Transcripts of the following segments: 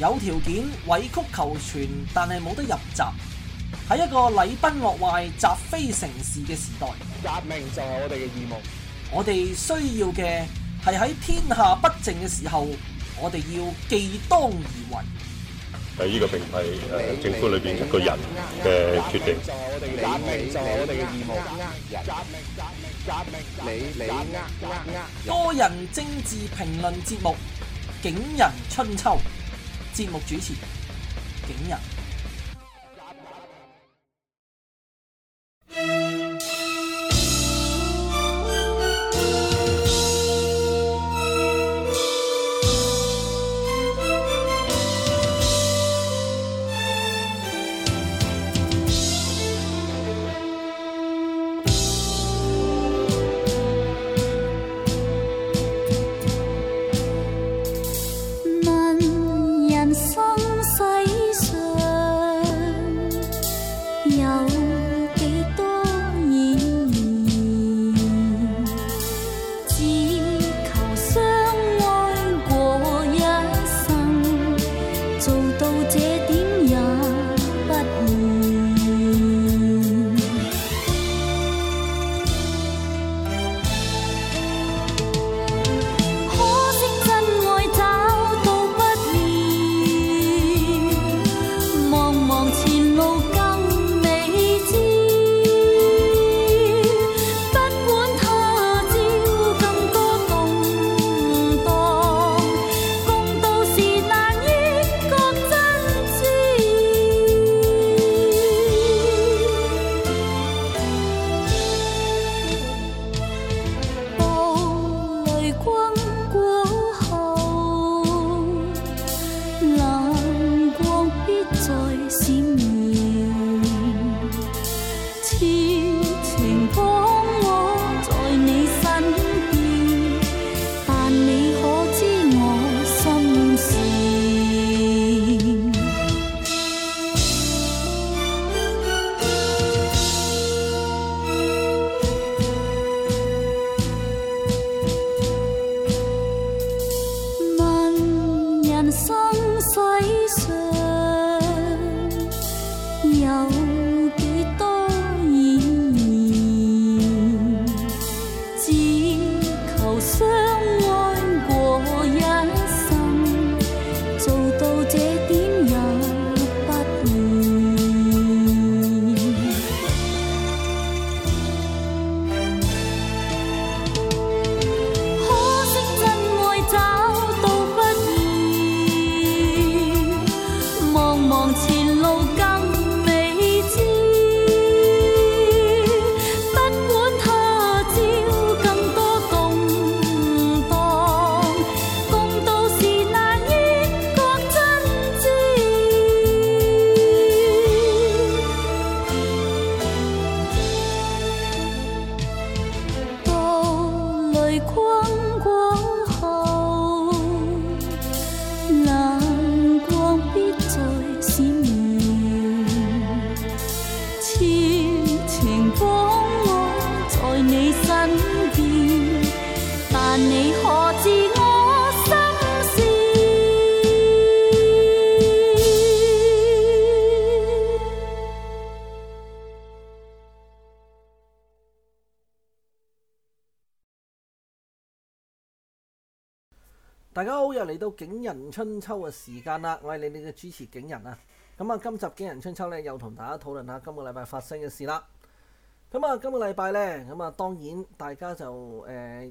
有條件委曲求全，但係冇得入閘。喺一個禮崩樂壞、習非成是嘅時代，革命就係我哋嘅義務。我哋需要嘅係喺天下不正嘅時候，我哋要既當而為。喺呢個並唔係誒政府裏邊一個人嘅決定。就係我哋革命，就係我哋嘅義務。革命，革命，革命，你你。多人政治評論節目《景仁春秋》。節目主持，景仁。嚟到《景仁春秋》嘅時間啦，我係你哋嘅主持景仁啊。咁、嗯、啊，今集《景仁春秋》咧，又同大家討論下今個禮拜發生嘅事啦。咁、嗯、啊，今個禮拜咧，咁、嗯、啊，當然大家就誒、呃、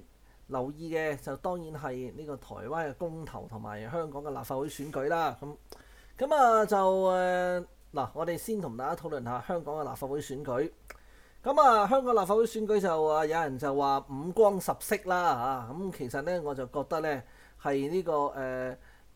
留意嘅，就當然係呢個台灣嘅公投同埋香港嘅立法會選舉啦。咁咁啊，就誒嗱、呃，我哋先同大家討論下香港嘅立法會選舉。咁、嗯、啊，香港立法會選舉就啊，有人就話五光十色啦嚇。咁、嗯、其實咧，我就覺得咧。係呢、呢個誒呢、呃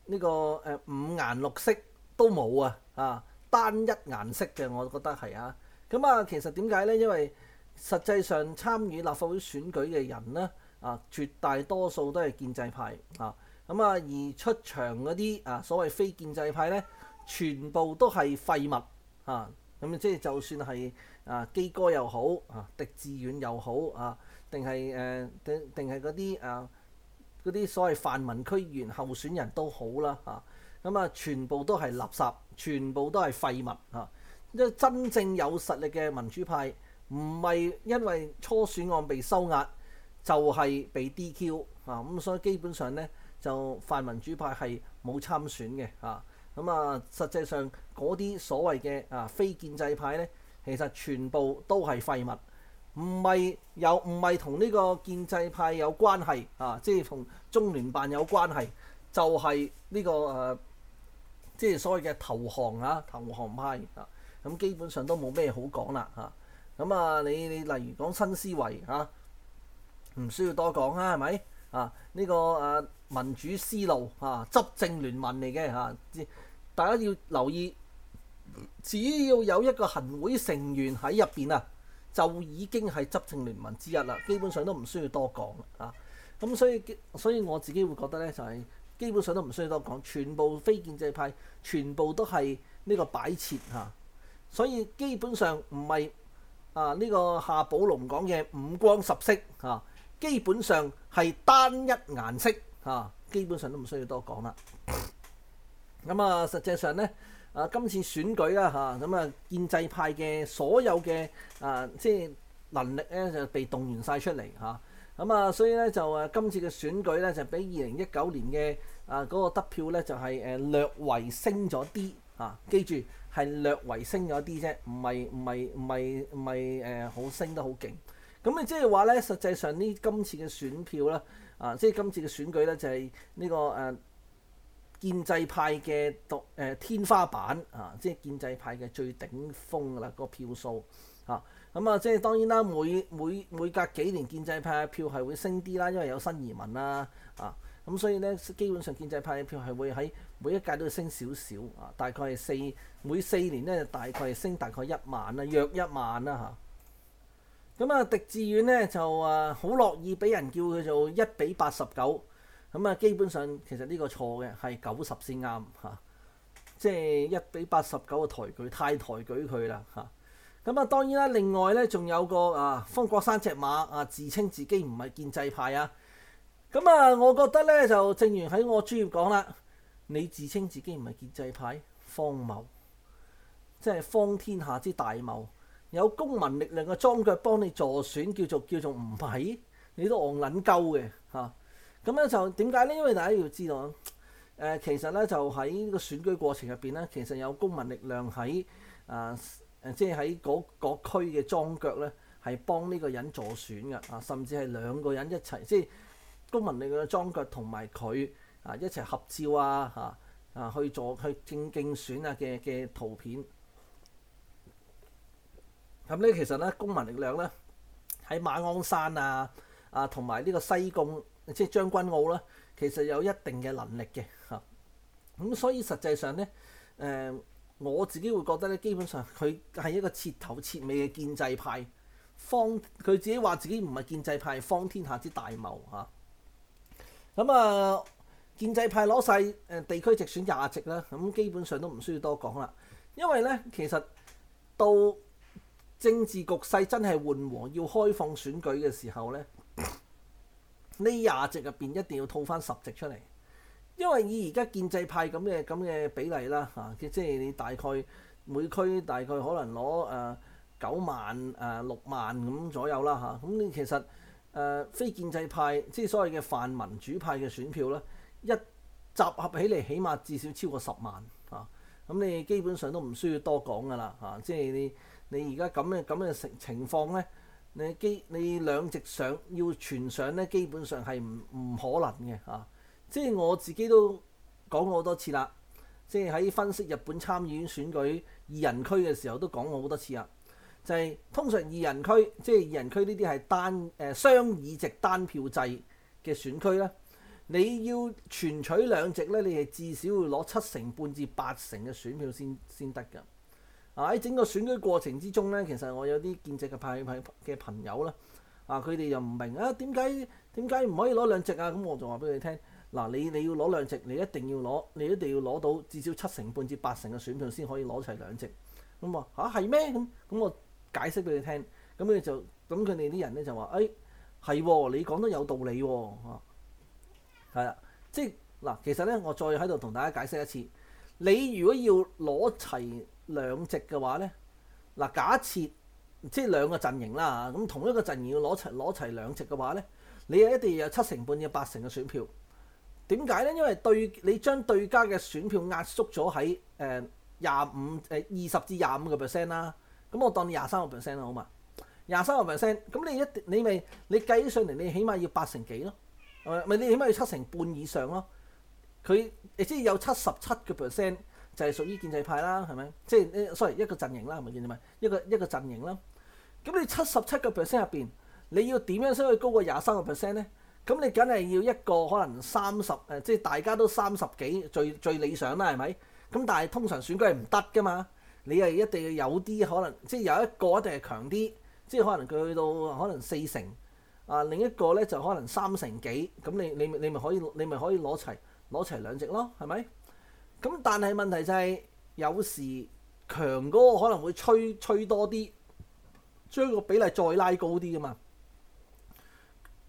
呢個誒、呃、五顏六色都冇啊，啊單一顏色嘅，我覺得係啊。咁啊，其實點解咧？因為實際上參與立法會選舉嘅人咧，啊絕大多數都係建制派啊。咁啊，而出場嗰啲，啊所謂非建制派咧，全部都係廢物啊。咁、啊、即係就算係啊基哥又好，啊狄志遠又好，啊定係誒定定係嗰啲啊嗰啲所謂泛民區議員候選人都好啦嚇，咁啊全部都係垃圾，全部都係廢物嚇。一、啊、真正有實力嘅民主派，唔係因為初選案被收押，就係、是、被 DQ 嚇、啊，咁所以基本上咧就泛民主派係冇參選嘅嚇。咁啊，啊實際上嗰啲所謂嘅啊非建制派咧，其實全部都係廢物。唔係有唔係同呢個建制派有關係啊，即係同中聯辦有關係，就係呢個誒，即係所謂嘅投降啊，投降派啊，咁基本上都冇咩好講啦嚇。咁啊，你你例如講新思維嚇，唔需要多講啦，係咪啊？呢個誒民主思路嚇執政聯盟嚟嘅嚇，大家要留意，只要有一個行會成員喺入邊啊。就已經係執政聯盟之一啦，基本上都唔需要多講啦啊！咁所以，所以我自己會覺得咧，就係基本上都唔需要多講，全部非建制派，全部都係呢個擺設嚇、啊。所以基本上唔係啊，呢個夏寶龍講嘅五光十色嚇、啊，基本上係單一顏色嚇、啊，基本上都唔需要多講啦。咁啊，石姐，實際上話咧？啊，今次選舉啦嚇，咁啊建制派嘅所有嘅啊，即係能力咧就被動員晒出嚟嚇，咁啊所以咧就誒今次嘅選舉咧就比二零一九年嘅啊嗰個得票咧就係誒略為升咗啲嚇，記住係略為升咗啲啫，唔係唔係唔係唔係誒好升得好勁。咁你即係話咧，實際上呢今次嘅選票啦，啊即係今次嘅選舉咧就係呢個誒。啊建制派嘅獨誒天花板啊，即係建制派嘅最頂峯啦，個票數啊，咁啊，即係當然啦，每每每隔幾年建制派嘅票係會升啲啦，因為有新移民啦啊，咁、啊、所以咧基本上建制派嘅票係會喺每一屆都會升少少啊，大概係四每四年咧大概係升大概一萬啦，約一萬啦嚇。咁啊，狄、啊、志遠咧就啊好樂意俾人叫佢做一比八十九。咁啊，基本上其實呢個錯嘅係九十先啱嚇，即係一比八十九嘅抬舉，太抬舉佢啦嚇。咁啊，啊，當然啦，另外咧仲有個啊方國珊隻馬啊，自稱自己唔係建制派啊。咁啊，我覺得咧就正如喺我專業講啦，你自稱自己唔係建制派，荒謬，即係荒天下之大謬，有公民力量嘅樁腳幫你助選，叫做叫做唔係，你都戇撚鳩嘅嚇。啊咁咧就點解咧？因為大家要知道啊、呃，其實咧就喺呢個選舉過程入邊咧，其實有公民力量喺啊誒，即係喺嗰個區嘅莊腳咧，係幫呢個人助選嘅啊，甚至係兩個人一齊，即係公民力量嘅莊腳同埋佢啊一齊合照啊嚇啊去助去競競選啊嘅嘅圖片。咁咧其實咧公民力量咧喺馬鞍山啊啊同埋呢個西貢。即係將軍澳啦，其實有一定嘅能力嘅嚇，咁、啊、所以實際上咧，誒、呃、我自己會覺得咧，基本上佢係一個徹頭徹尾嘅建制派，方佢自己話自己唔係建制派，方天下之大謀嚇。咁啊，啊，建制派攞晒誒地區直選廿席啦，咁基本上都唔需要多講啦，因為咧其實到政治局勢真係緩和，要開放選舉嘅時候咧。呢廿席入邊一定要套翻十席出嚟，因為以而家建制派咁嘅咁嘅比例啦，啊，即係你大概每區大概可能攞誒九萬誒六、呃、萬咁左右啦嚇，咁、啊、你其實誒、呃、非建制派即係所謂嘅泛民主派嘅選票咧，一集合起嚟，起碼至少超過十萬嚇，咁、啊、你基本上都唔需要多講噶啦嚇，即係你你而家咁嘅咁嘅情情況咧。你基你兩席上要全上咧，基本上係唔唔可能嘅嚇、啊。即係我自己都講過好多次啦。即係喺分析日本參議院選舉二人區嘅時候，都講過好多次啦。就係、是、通常二人區，即係二人區呢啲係單誒雙、呃、議席單票制嘅選區咧。你要全取兩席咧，你係至少要攞七成半至八成嘅選票先先得㗎。啊！喺整個選舉過程之中咧，其實我有啲建制嘅派派嘅朋友啦。啊，佢哋又唔明啊，點解點解唔可以攞兩席啊？咁我就話俾佢哋聽：嗱、啊，你你要攞兩席，你一定要攞，你一定要攞到至少七成半至八成嘅選票先可以攞齊兩席。咁話嚇係咩？咁、啊、咁我解釋俾你聽。咁你就咁佢哋啲人咧就話：誒係喎，你講得有道理喎、啊。係啊，即係嗱、啊，其實咧，我再喺度同大家解釋一次：你如果要攞齊。兩席嘅話咧，嗱、啊、假設即係兩個陣營啦，咁、嗯、同一個陣營要攞齊攞齊兩席嘅話咧，你一定有七成半至八成嘅選票。點解咧？因為對你將對家嘅選票壓縮咗喺誒廿五誒二十至廿五個 percent 啦。咁、嗯、我當你廿三個 percent 啦，好嘛？廿三個 percent，咁你一你咪你，你計上嚟，你起碼要八成幾咯？唔係你起碼要七成半以上咯。佢即係有七十七個 percent。就係屬於建制派啦，係咪？即係呢，sorry，一個陣營啦，係咪建制派？一個一個陣營啦。咁你七十七個 percent 入邊，你要點樣先可以高過廿三個 percent 咧？咁你梗係要一個可能三十誒，即係大家都三十幾，最最理想啦，係咪？咁但係通常選舉係唔得噶嘛，你係一定要有啲可能，即係有一個一定係強啲，即係可能佢去到可能四成，啊、呃，另一個咧就可能三成幾，咁你你你咪可以你咪可以攞齊攞齊兩席咯，係咪？咁但係問題就係、係、有時強嗰個可能會吹吹多啲，將個比例再拉高啲噶嘛。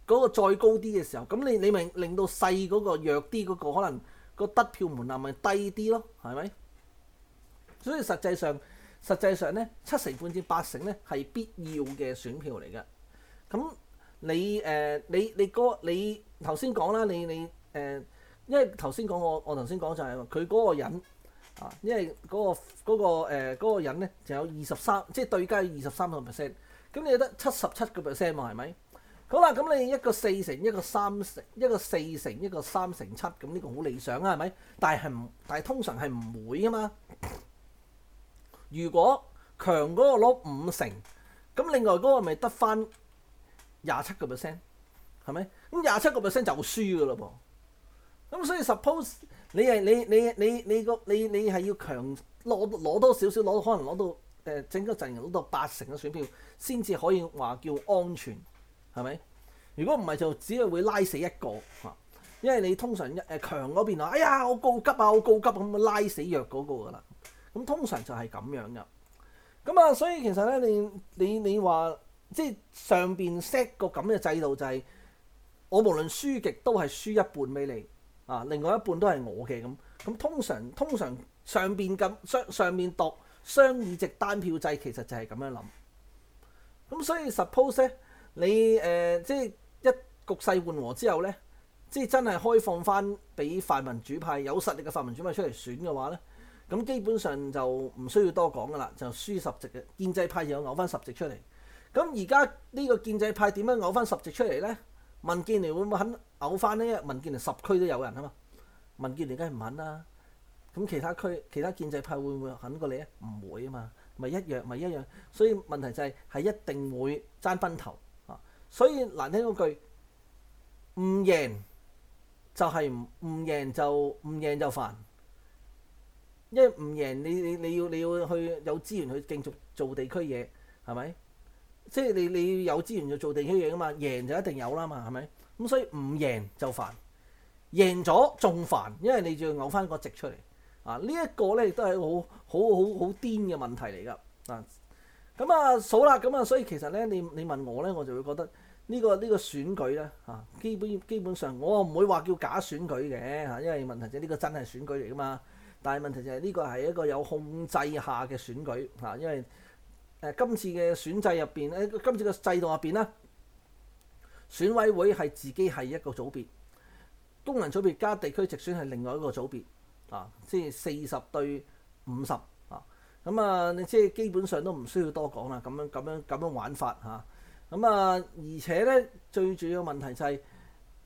嗰、嗰個再高啲嘅時候，咁你你咪令到細嗰個弱啲嗰、嗰個可能個得票門檻咪低啲咯，係咪？所以實際上實際上咧，七成半至八成咧係必要嘅選票嚟嘅。咁你誒你你嗰你頭先講啦，你你誒。那個你因為頭先講我，我頭先講就係佢嗰個人啊，因為嗰個嗰個誒嗰個人咧，就有二十三，即係對加二十三個 percent，咁你得七十七個 percent 嘛，係咪？好啦，咁你一個四成，一個三成，一個四成，一個三成七，咁呢個好理想啊，係咪？但係係唔，但係通常係唔會噶嘛。如果強嗰個攞五成，咁另外嗰個咪得翻廿七個 percent，係咪？咁廿七個 percent 就會輸噶嘞噃。咁、嗯、所以 suppose 你係你你你你個你你係要強攞攞多少少攞可能攞到誒、呃、整個陣營攞到八成嘅選票先至可以話叫安全，係咪？如果唔係就只係會拉死一個，嚇、啊，因為你通常一誒強嗰邊啊，哎呀我告急啊我告急咁拉死弱嗰個㗎啦。咁、嗯、通常就係咁樣㗎。咁啊，所以其實咧你你你話即係上邊 set 個咁嘅制度就係、是、我無論輸極都係輸一半俾你。啊，另外一半都係我嘅。咁咁，通常通常上邊咁雙上邊度雙議席單票制，其實就係咁樣諗。咁所以 suppose 咧，你誒、呃、即係一局勢緩和之後咧，即係真係開放翻俾泛民主派有實力嘅泛民主派出嚟選嘅話咧，咁基本上就唔需要多講噶啦，就輸十席嘅建制派又拗翻十席出嚟。咁而家呢個建制派點樣拗翻十席出嚟咧？民建聯會唔會肯嘔翻呢？因為民建聯十區都有人啊嘛，民建聯梗係唔肯啦。咁其他區、其他建制派會唔會肯過你啊？唔會啊嘛，咪一樣咪一,一樣。所以問題就係、係、係一定會爭崩頭啊。所以難聽嗰句，唔贏就係唔唔贏就唔贏就煩。因為唔贏，你你你要你要去有資源去繼續做地區嘢，係咪？即係你你有資源就做地區嘢啊嘛，贏就一定有啦嘛，係咪？咁、嗯、所以唔贏就煩，贏咗仲煩，因為你就要攪翻個席出嚟啊！這個、呢一個咧亦都係好好好好癲嘅問題嚟㗎啊！咁、嗯、啊數啦，咁啊、嗯、所以其實咧，你你問我咧，我就會覺得呢、這個呢、這個選舉咧啊，基本基本上我唔會話叫假選舉嘅嚇、啊，因為問題就係呢個真係選舉嚟㗎嘛。但係問題就係呢個係一個有控制下嘅選舉嚇、啊，因為。誒今次嘅選制入邊，誒今次嘅制度入邊啦，選委會係自己係一個組別，功能組別加地區直選係另外一個組別，啊，即係四十對五十啊，咁啊，你即係基本上都唔需要多講啦，咁樣咁樣咁樣玩法嚇，咁啊，啊，而且咧最主要問題就係、是、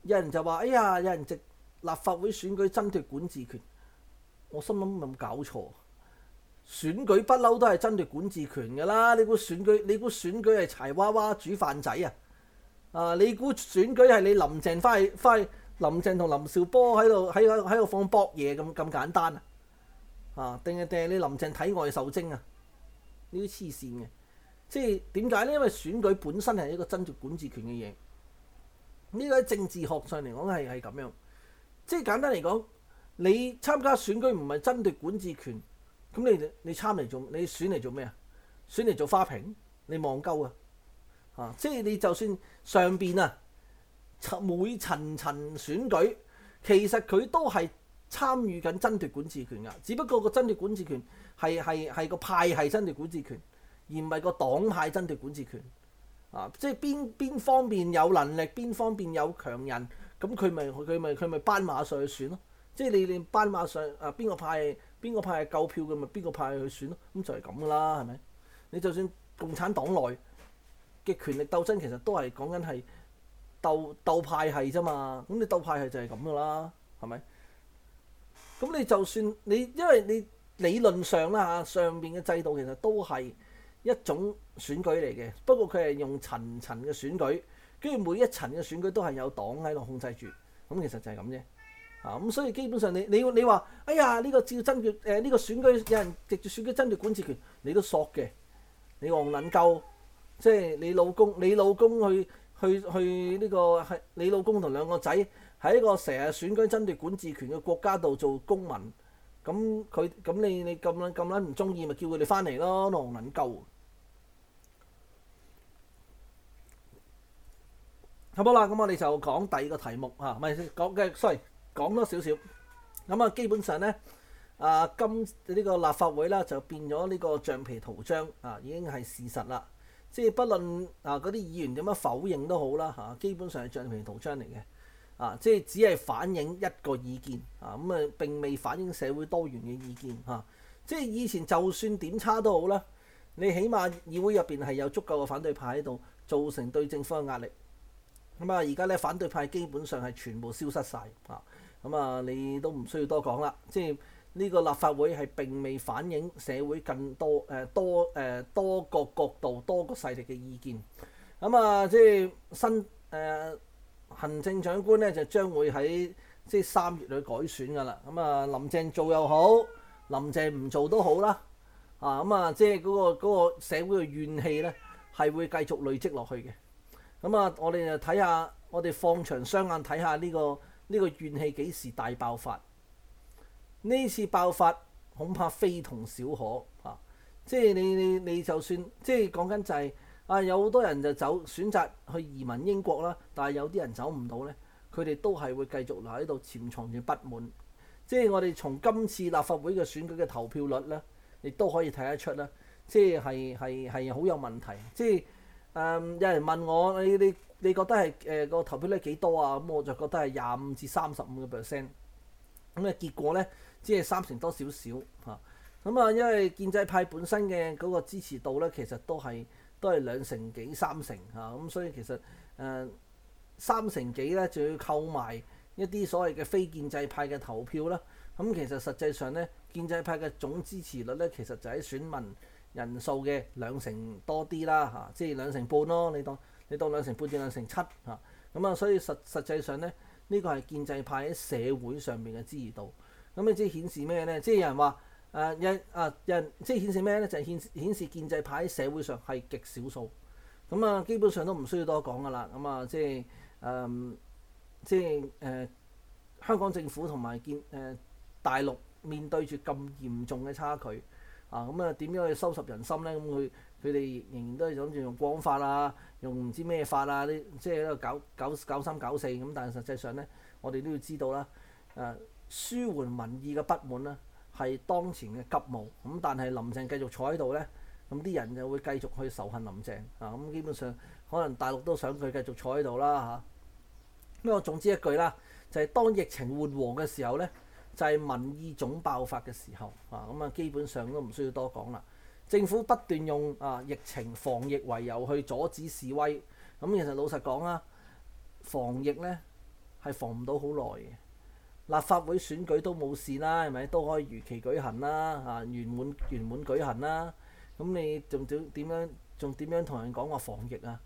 有人就話，哎呀，有人直立法會選舉爭奪管治權，我心諗有冇搞錯？選舉不嬲都係爭奪管治權㗎啦！你估選舉，你估選舉係柴娃娃煮飯仔啊！啊，你估選舉係你林鄭翻去翻去林鄭同林兆波喺度喺個喺度放博嘢咁咁簡單啊？定係、啊、定係你林鄭體外受精啊？呢啲黐線嘅，即係點解咧？因為選舉本身係一個爭奪管治權嘅嘢，呢個喺政治學上嚟講係係咁樣。即係簡單嚟講，你參加選舉唔係爭奪管治權。咁你你你參嚟做，你選嚟做咩啊？選嚟做花瓶，你望鳩啊！啊，即係你就算上邊啊，層每層層選舉，其實佢都係參與緊爭奪管治權㗎。只不過個爭奪管治權係係係個派係爭奪管治權，而唔係個黨派爭奪管治權。啊，即係邊邊方面有能力，邊方面有強人，咁佢咪佢咪佢咪班馬上去選咯，啊。即係你你班馬上啊，邊個派？邊個派系夠票嘅，咪邊個派去選咯？咁就係咁噶啦，係咪？你就算共產黨內嘅權力鬥爭，其實都係講緊係鬥鬥派系啫嘛。咁你鬥派系就係咁噶啦，係咪？咁你就算你，因為你理論上啦嚇，上邊嘅制度其實都係一種選舉嚟嘅，不過佢係用層層嘅選舉，跟住每一層嘅選舉都係有黨喺度控制住，咁其實就係咁啫。啊，咁、嗯、所以基本上你你要你話，哎呀呢、這個照爭奪誒呢個選舉有人直接選舉爭奪管治權，你都索嘅。你戇捻夠，即係你老公，你老公去去去呢、這個係你老公同兩個仔喺一個成日選舉爭奪管治權嘅國家度做公民，咁佢咁你你咁捻咁捻唔中意咪叫佢哋翻嚟咯，戇捻夠。好啦，咁我哋就講第二個題目啊，唔係講嘅 sorry。講多少少，咁啊，啊，啊，啊，基本上咧，啊，今呢個立法會咧就變咗呢個橡皮圖章啊，已經係事實啦。即係不論啊嗰啲議員點樣否認都好啦嚇，基本上係橡皮圖章嚟嘅啊。即係只係反映一個意見啊，咁啊並未反映社會多元嘅意見嚇、啊。即係以前就算點差都好啦，你起碼議會入邊係有足夠嘅反對派喺度，造成對政府嘅壓力。咁啊，而家咧反對派基本上係全部消失晒。啊。咁啊、嗯，你都唔需要多講啦。即係呢個立法會係並未反映社會更多誒、呃、多誒、呃、多個角度、多個勢力嘅意見。咁、嗯、啊，即係新誒、呃、行政長官咧，就將會喺即係三月裏改選噶啦。咁、嗯、啊，林鄭做又好，林鄭唔做都好啦。啊，咁啊、嗰個，即、嗰、係嗰個社會嘅怨氣咧，係會繼續累積落去嘅。咁、嗯、啊，我哋就睇下，我哋放長雙眼睇下呢個。呢個怨氣幾時大爆發？呢次爆發恐怕非同小可啊！即係你你你就算即係講緊就係啊，有好多人就走選擇去移民英國啦，但係有啲人走唔到咧，佢哋都係會繼續留喺度潛藏住不滿。即係我哋從今次立法會嘅選舉嘅投票率咧，亦都可以睇得出啦。即係係係係好有問題。即係。誒、嗯、有人問我你你你覺得係誒個投票率幾多啊？咁我就覺得係廿五至三十五個 percent。咁嘅結果咧，只係三成多少少嚇。咁啊，因為建制派本身嘅嗰個支持度咧，其實都係都係兩成幾三成嚇。咁、啊、所以其實誒、呃、三成幾咧，就要購買一啲所謂嘅非建制派嘅投票啦。咁、啊、其實實際上咧，建制派嘅總支持率咧，其實就喺選民，人數嘅兩成多啲啦，嚇、啊，即係兩成半咯。你當你當兩成半至兩成七嚇，咁啊，啊，所以實實際上咧，呢、這個係建制派喺社會上面嘅支持度。咁、啊、你即係顯示咩咧？即係有人話誒人誒人，即係顯示咩咧？就係、是、顯顯示建制派喺社會上係極少數。咁啊，基本上都唔需要多講㗎喇。咁啊，即係誒、嗯，即係誒、呃，香港政府同埋建誒、呃、大陸面對住咁嚴重嘅差距。啊咁啊點樣去收拾人心咧？咁佢佢哋仍然都係諗住用國安法啊，用唔知咩法啊啲，即係喺度搞搞，搞三搞四咁。但係實際上咧，我哋都要知道啦。誒、啊，舒緩民意嘅不滿啦，係當前嘅急務。咁但係林鄭繼續坐喺度咧，咁啲人就會繼續去仇恨林鄭啊。咁基本上可能大陸都想佢繼續坐喺度啦嚇。咁、啊、我總之一句啦，就係、是、當疫情緩和嘅時候咧，就係民意總爆發嘅時候，啊咁啊，基本上都唔需要多講啦。政府不斷用啊疫情防疫為由去阻止示威，咁、啊、其實老實講啊，防疫咧係防唔到好耐嘅。立法會選舉都冇事啦，係咪？都可以如期舉行啦，啊，圓滿圓滿舉行啦。咁、啊、你仲點點樣？仲點樣同人講話防疫啊？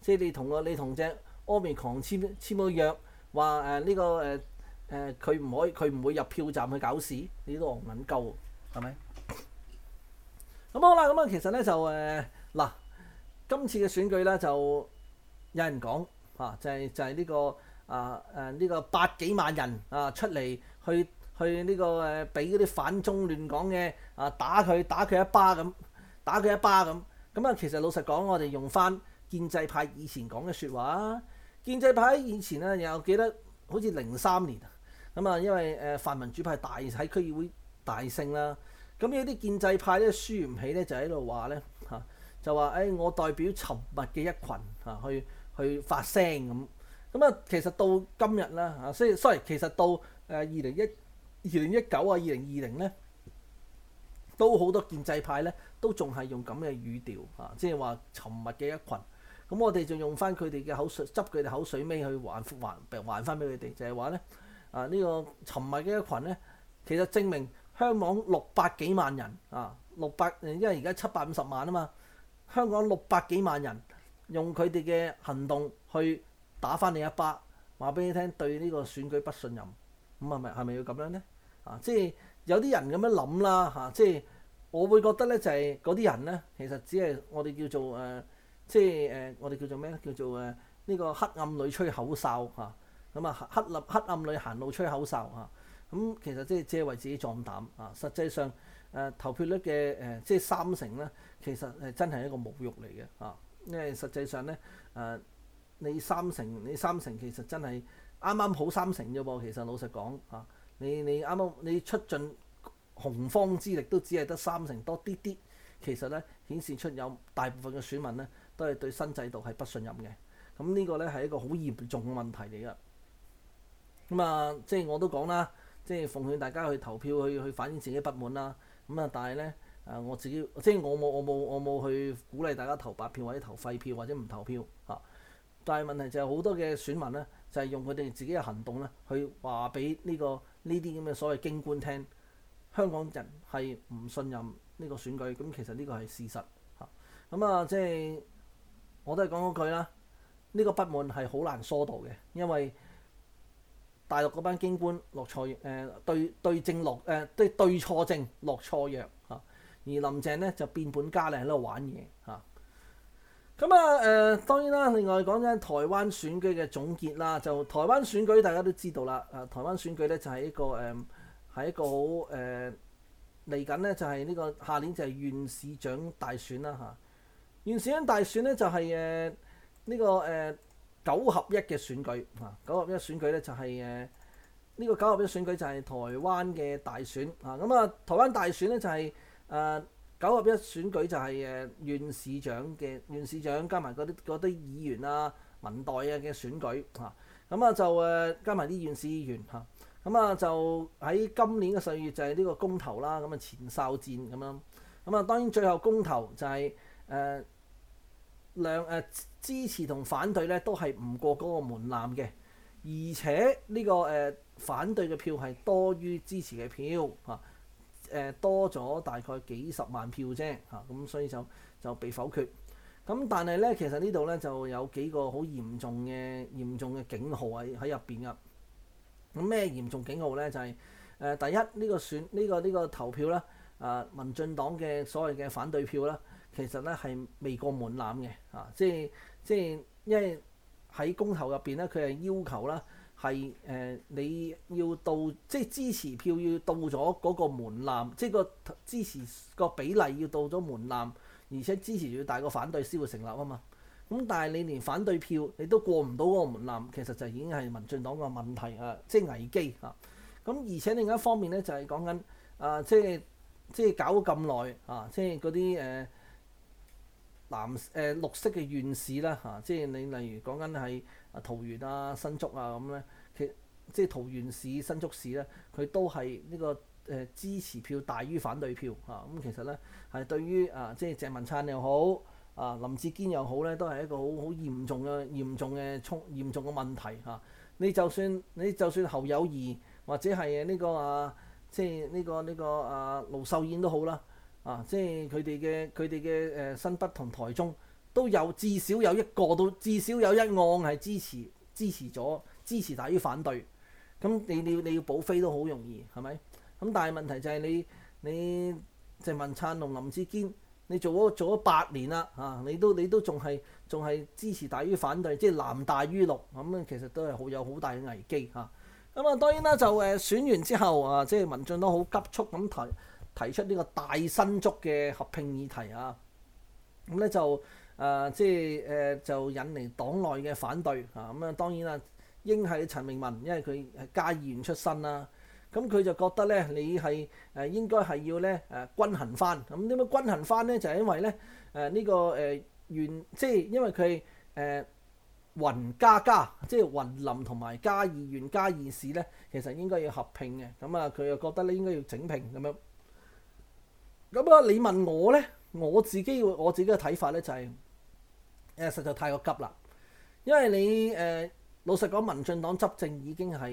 即係你同我，你同隻 Omicron 簽簽、啊這個約，話誒呢個誒。誒佢唔可以，佢唔會入票站去搞事，你都狼銀鳩，係咪？咁、嗯、好啦，咁、嗯、啊，其實咧就誒嗱、呃，今次嘅選舉咧就有人講嚇、啊，就係、是、就係、是、呢、這個啊誒呢、啊這個百幾萬人啊出嚟去去呢、這個誒俾嗰啲反中亂港嘅啊打佢打佢一巴咁，打佢一巴咁。咁、嗯、啊，其實老實講，我哋用返建制派以前講嘅說話，建制派以前咧又記得好似零三年。咁啊，因為誒泛民主派大喺區議會大勝啦，咁有啲建制派咧輸唔起咧，就喺度話咧嚇，就話誒我代表沉默嘅一群嚇去去發聲咁。咁啊，其實到今日啦嚇，所以 sorry，其實到誒二零一二零一九啊，二零二零咧都好多建制派咧都仲係用咁嘅語調嚇，即係話沉默嘅一群。咁我哋就用翻佢哋嘅口水，執佢哋口水尾去還還還翻俾佢哋，就係話咧。啊！呢、這個沉迷嘅一群咧，其實證明香港六百幾萬人啊，六百，因為而家七百五十萬啊嘛，香港六百幾萬人用佢哋嘅行動去打返你一巴，話俾你聽對呢個選舉不信任。咁係咪係咪要咁樣咧？啊，即係有啲人咁樣諗啦嚇、啊，即係我會覺得咧就係嗰啲人咧，其實只係我哋叫做誒、呃，即係誒、呃、我哋叫做咩咧？叫做誒呢、呃這個黑暗裡吹口哨嚇。啊咁啊，黑暗黑暗裏行路吹口哨啊！咁其實即係只係為自己壯膽啊。實際上誒、呃，投票率嘅誒、呃、即係三成咧，其實係真係一個侮辱嚟嘅啊。因為實際上咧誒、呃，你三成你三成其實真係啱啱好三成啫噃。其實老實講啊，你你啱啱你出盡洪荒之力都只係得三成多啲啲。其實咧，顯示出有大部分嘅選民咧都係對新制度係不信任嘅。咁呢個咧係一個好嚴重嘅問題嚟嘅。咁啊、嗯，即係我都講啦，即係奉勸大家去投票，去去反映自己不滿啦。咁、嗯、啊，但係咧，誒我自己，即係我冇，我冇，我冇去鼓勵大家投白票或者投廢票或者唔投票啊。但係問題就係好多嘅選民咧，就係、係、用佢哋自己嘅行動咧，去話俾呢個呢啲咁嘅所謂京官聽，香港人係唔信任呢個選舉。咁、嗯、其實呢個係事實嚇。咁啊，嗯、即係我都係講嗰句啦，呢、呢個不滿係好難疏導嘅，因為大陸嗰班京官落錯誒、呃、對對症落誒、呃、對對錯症落錯藥嚇，而林鄭咧就變本加厲喺度玩嘢嚇。咁啊誒、啊呃、當然啦，另外講緊台灣選舉嘅總結啦，就台灣選舉大家都知道啦。啊，台灣選舉咧就係一個誒，係、呃、一個好誒嚟緊咧就係呢、這個下年就係縣市長大選啦嚇。縣、啊、市長大選咧就係誒呢個誒。呃九合一嘅選舉啊，九合一選舉咧就係誒呢個九合一選舉就係台灣嘅大選啊，咁啊台灣大選咧就係、是、誒、呃、九合一選舉就係誒縣市長嘅縣市長加埋嗰啲啲議員啊、民代啊嘅選舉啊，咁啊就誒加埋啲縣市議員嚇，咁啊，啊就喺今年嘅十二月就係呢個公投啦，咁啊前哨戰咁樣，咁啊，啊當然最後公投就係、是、誒、呃、兩誒。啊支持同反對咧都係唔過嗰個門檻嘅，而且呢、呢個誒、呃、反對嘅票係多於支持嘅票啊，誒、呃、多咗大概幾十萬票啫嚇，咁、啊、所以就就被否決。咁但係咧，其實呢度咧就有幾個好嚴重嘅嚴重嘅警號啊喺入邊啊。咁咩嚴重警號咧？就係誒第一呢個選呢個呢個投票啦，啊民進黨嘅所謂嘅反對票啦，其實咧係未過門檻嘅啊，即係。即係因為喺公投入邊咧，佢係要求啦，係、呃、誒你要到即係、就是、支持票要到咗嗰個門檻，即、就、係、是、個支持、那個比例要到咗門檻，而且支持要大過反對先會成立啊嘛。咁、嗯、但係你連反對票你都過唔到嗰個門檻，其實就已經係民進黨嘅問題、就是、啊，即係危機啊。咁而且另一方面咧，就係、是、講緊啊，即係即係搞咁耐啊，即係嗰啲誒。呃藍誒、呃、綠色嘅縣市啦嚇、啊，即係你例如講緊係啊桃園啊新竹啊咁咧，其即係桃園市新竹市咧，佢都係呢個誒支持票大於反對票嚇，咁、啊、其實咧係對於啊即係鄭文燦又好啊林志堅又好咧，都係一個好好嚴重嘅嚴重嘅衝嚴重嘅問題嚇、啊。你就算你就算侯友宜或者係呢、呢個啊即係呢、呢個呢、呢個、呢個、啊盧秀燕都好啦。啊！即係佢哋嘅佢哋嘅誒新北同台中都有至少有一個到至少有一案係支持支持咗支持大於反對，咁你你你要補飛都好容易係咪？咁但係問題就係你你鄭文燦同林智堅，你做咗做咗八年啦啊！你都你都仲係仲係支持大於反對，即係藍大於綠。咁啊，其實都係好有好大嘅危機啊！咁啊，當然啦，就誒選完之後啊，即係民進黨都好急速咁提。提出呢個大新竹嘅合併議題啊，咁咧就誒即係誒就引嚟黨內嘅反對啊。咁啊當然啦，應係陳明文，因為佢係嘉義縣出身啦、啊。咁佢就覺得咧，你係誒、呃、應該係要咧誒、呃、均衡翻。咁點樣均衡翻咧？就係因為咧誒呢、呃這個誒縣、呃，即係因為佢誒、呃、雲嘉嘉，即係雲林同埋嘉義縣嘉義市咧，其實應該要合併嘅。咁啊，佢又覺得咧應該要整併咁樣。咁啊、嗯！你問我咧，我自己會我自己嘅睇法咧就係、是、誒、呃，實在太過急啦。因為你誒、呃，老實講，民進黨執政已經係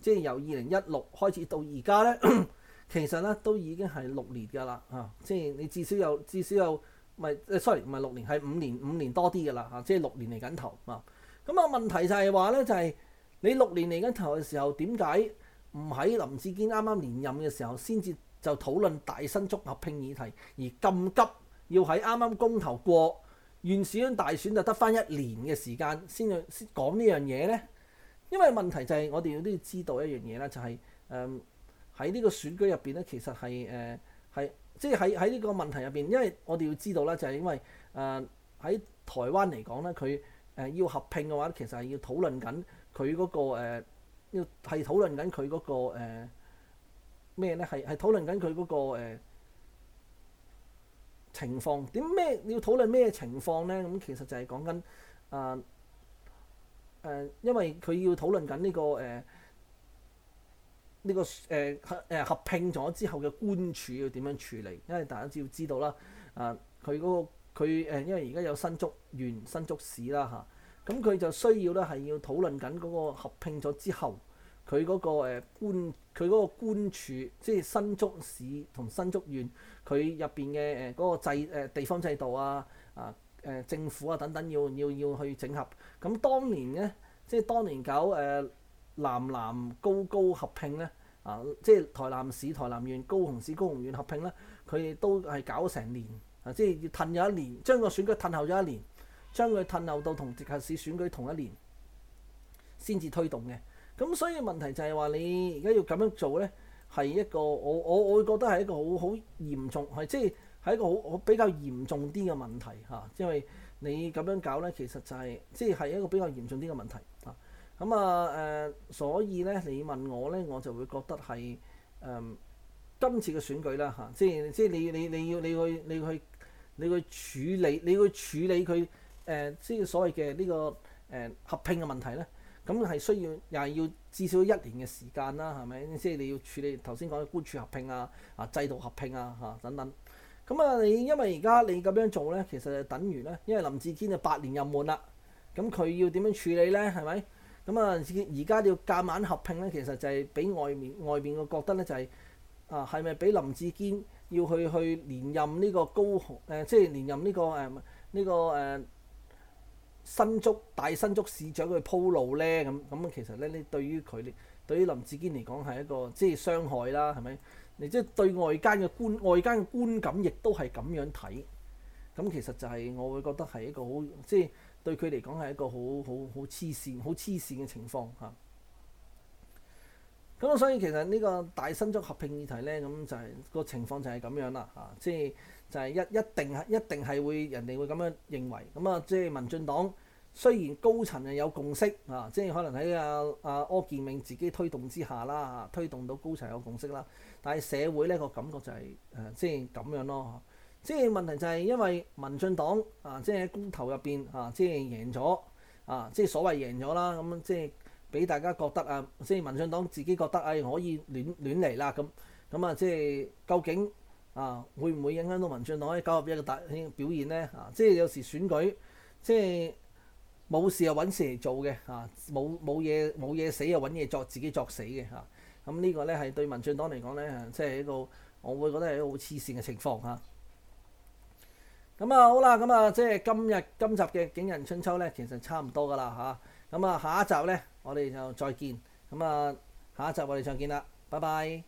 即係由二零一六開始到而家咧，其實咧都已經係六年噶啦嚇，即係你至少有，至少有唔係誒，sorry 唔係六年，係五年，五年多啲噶啦嚇，即係六年嚟緊頭啊！咁啊問題就係話咧，就係、是、你六年嚟緊頭嘅時候，點解唔喺林志堅啱啱連任嘅時候先至？就討論大新竹合併議題，而咁急要喺啱啱公投過，縣市長大選就得返一年嘅時間先去講呢樣嘢咧。因為問題就係、是、我哋都要知道一樣嘢啦，就係誒喺呢個選舉入邊咧，其實係誒係即係喺喺呢個問題入邊，因為我哋要知道啦，就係因為誒喺、呃、台灣嚟講咧，佢誒、呃、要合併嘅話其實係要討論緊佢嗰個要係、呃、討論緊佢嗰個、呃咩咧？係係討論緊佢嗰個、呃、情況點咩？你要討論咩情況咧？咁、嗯、其實就係講緊啊誒，因為佢要討論緊呢、呢個誒呢、呃呢個誒、呃、合誒合併咗之後嘅官署要點樣處理？因為大家只要知道啦，啊佢嗰個佢誒、呃，因為而家有新竹縣、新竹市啦嚇，咁、啊、佢、嗯、就需要咧係要討論緊嗰個合併咗之後。佢嗰個官，佢嗰個官署，即係新竹市同新竹縣，佢入邊嘅誒嗰個制誒地方制度啊、啊誒、啊、政府啊等等要，要要要去整合。咁當年咧，即係當年搞誒南南高高合併咧，啊即係台南市、台南縣、高雄市、高雄縣合併咧，佢都係搞成年，啊、即係要褪咗一年，將個選舉褪後咗一年，將佢褪後到同直轄市選舉同一年，先至推動嘅。咁所以問題就係話你而家要咁樣做咧，係一個我我我會覺得係一個好好嚴重係，即係係一個好好比較嚴重啲嘅問題吓，即、啊、因為你咁樣搞咧，其實就係、是、即係係一個比較嚴重啲嘅問題嚇。咁啊誒、啊呃，所以咧你問我咧，我就會覺得係誒、呃、今次嘅選舉啦吓、啊，即係即係你你你要你要你要去你去你去處理你去處理佢誒、呃、即係所謂嘅呢、這個誒、呃、合併嘅問題咧。咁係、嗯、需要，又係要至少一年嘅時間啦，係咪？即、就、係、是、你要處理頭先講嘅官署合併啊、啊制度合併啊、嚇、啊、等等。咁啊，你因為而家你咁樣做咧，其實就等於咧，因為林志堅就八年任滿啦，咁佢要點樣處理咧？係咪？咁啊，而家要夾硬合併咧，其實就係俾外面外邊個覺得咧、就是，就係啊係咪俾林志堅要去去連任呢個高誒、呃，即係連任呢、這個誒呢、呃這個誒，呃新竹大新竹市長去鋪路咧，咁咁其實咧，你對於佢哋，對於林志堅嚟講係一個即係傷害啦，係咪？你即係對外間嘅觀外間嘅觀感，亦都係咁樣睇。咁其實就係、是、我會覺得係一個好，即係對佢嚟講係一個好好好黐線、好黐線嘅情況嚇。咁、啊、所以其實呢個大新竹合併議題咧，咁就係、是那個情況就係咁樣啦嚇、啊，即係。就係一一定係一定係會人哋會咁樣認為，咁啊即係民進黨雖然高層係有共識啊，即係可能喺阿阿柯建銘自己推動之下啦、啊，推動到高層有共識啦、啊，但係社會咧個感覺就係、是、誒、啊、即係咁樣咯。即係問題就係因為民進黨啊，即係喺公投入邊啊，即係贏咗啊，即係所謂贏咗啦，咁、啊、即係俾大家覺得啊，即係民進黨自己覺得誒、哎、可以亂亂嚟啦咁，咁啊、啊即係究竟？啊，會唔會影響到民進黨喺九合一嘅大一個表現咧？啊，即係有時選舉即係冇事又揾事嚟做嘅，啊，冇冇嘢冇嘢死又揾嘢作自己作死嘅，啊，咁、嗯這個、呢個咧係對民進黨嚟講咧，即係一個我會覺得係一個好黐線嘅情況嚇。咁啊，嗯、好啦，咁、嗯、啊，即係今日今集嘅《景仁春秋》咧，其實差唔多噶啦嚇。咁啊、嗯，下一集咧，我哋就再見。咁、嗯、啊，下一集我哋再見啦，拜拜。